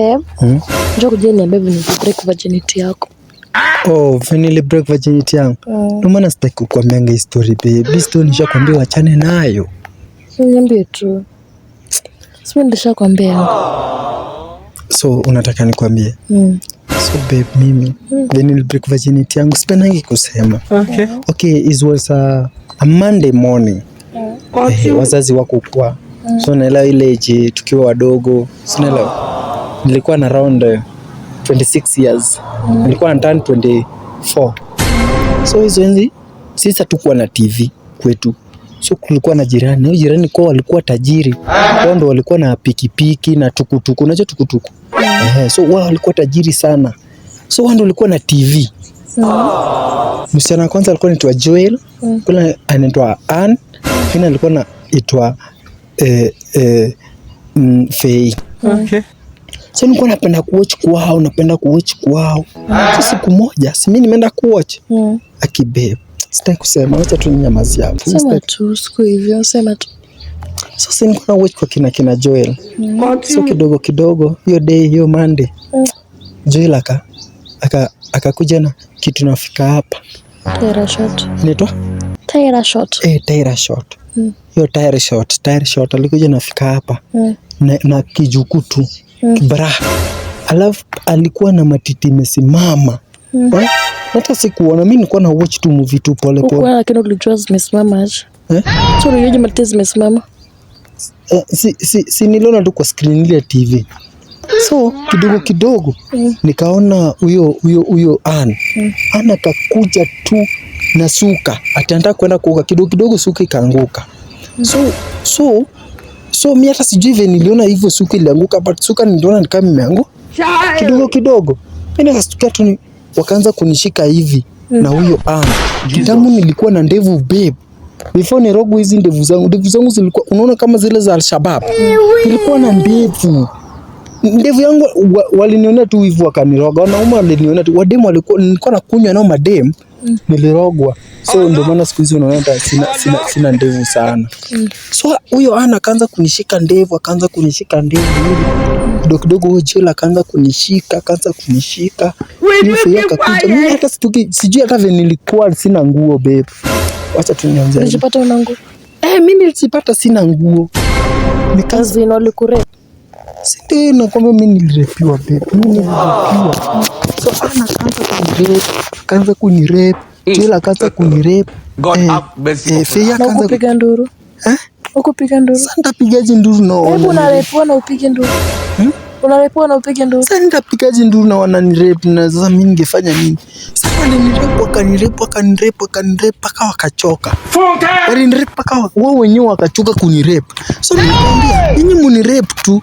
wewe eh? hmm? oh, hmm. story wachane nayo. Niambie tu. Sio nishakwambia. So unataka nikwambie? Mm. So babe, mimi mm. break virginity yangu sipendangi kusema. Okay. Okay, it was a, a Monday morning. Eh, wazazi wako kwa. Mm. So naelewa ile je tukiwa wadogo. Sinaelewa nilikuwa na around 26 uh, years, nilikuwa na turn 24. So hizo enzi sisi hatukuwa na TV kwetu, so kulikuwa na jirani. hiyo jirani kwao walikuwa tajiri, wao ndo walikuwa na pikipiki na tukutuku. Unajua tukutuku? Eh, so wao walikuwa tajiri sana, so wao ndo walikuwa na TV. Msichana wa kwanza alikuwa anaitwa Joel, kuna anaitwa Ann, kuna alikuwa anaitwa eh, eh, mm, Faye Okay. Sasa nilikuwa napenda kuwatch kwao, napenda kuwatch kwao. Sasa siku moja, si mimi nimeenda kuwatch. Mm. Akibe. Sitaki kusema, wacha tu nyamazi hapo. Sema tu siku hivyo, sema tu. Sasa nilikuwa na watch kwa kina kina Joel. Mm. Sio kidogo kidogo, hiyo day, hiyo Monday. Mm. Joel aka aka akakuja na kitu nafika hapa. Tire shot. Inaitwa? Tire shot. Eh, tire shot. Mm. Hiyo tire shot, tire shot alikuja nafika hapa. Mm. Na, na kijukutu. Mm. Mm. bra, alafu alikuwa na matiti imesimama eh? Hata sikuona mi nilikuwa na watch tu movie tu pole lakini ulijua zimesimama aje eh? matiti zimesimama eh, si si, si niliona tu kwa screen ile ya TV so kidogo kidogo mm. Nikaona huyo huyo huyo an mm. ana kakuja tu na suka, atianda kwenda kuoga kidogo kidogo, suka ikaanguka mm. so so So mi hata sijui vile niliona hivyo suka ilianguka, but suka niliona ni kama imeanguka kidogo kidogo, mimi nikastukia tu, wakaanza kunishika hivi na huyo arm. Kitambo nilikuwa na ndevu babe, before nirogo hizi ndevu zangu, ndevu zangu zilikuwa unaona kama zile za Alshabab, nilikuwa na ndevu ndevu yangu wa, walinionea tu hivyo wakaniroga. Wanaume walinionea tu, wademu walikuwa, nilikuwa nakunywa nao mademu nilirogwa, so oh, ndio maana siku hizi unaona sina, oh, sina, sina ndevu sana. Mm. So huyo ana akaanza kunishika ndevu, akaanza kunishika ndevu kidogo kidogo, huyo jela akaanza kunishika, akaanza kunishika akakuja. Mimi eh? hata situki, sijui hata vile nilikuwa sina nguo babe, wacha tu nianze. Unajipata una nguo eh? Mimi nilijipata sina nguo nikazi Ndio Sindi nakwambia mimi nilirepiwa babe. Mimi nilirepiwa. So ana kaanza kunirep, kaanza kunirep. chela kaanza kunirep. God up best. Eh, Fea kaanza kupiga nduru. Eh? Ukupiga nduru. Sasa nitapigaje nduru na wewe? Hebu unarepiwa na upige nduru. Hmm? Unarepiwa na upige nduru. Sasa nitapigaje nduru na wananirep na sasa mimi ningefanya nini? Sasa walinirep, wakanirep, wakanirep, wakanirep mpaka wakachoka. Walinirep yaani mpaka wao wenyewe wakachoka kunirep. So nilikwambia, nyinyi munirep tu.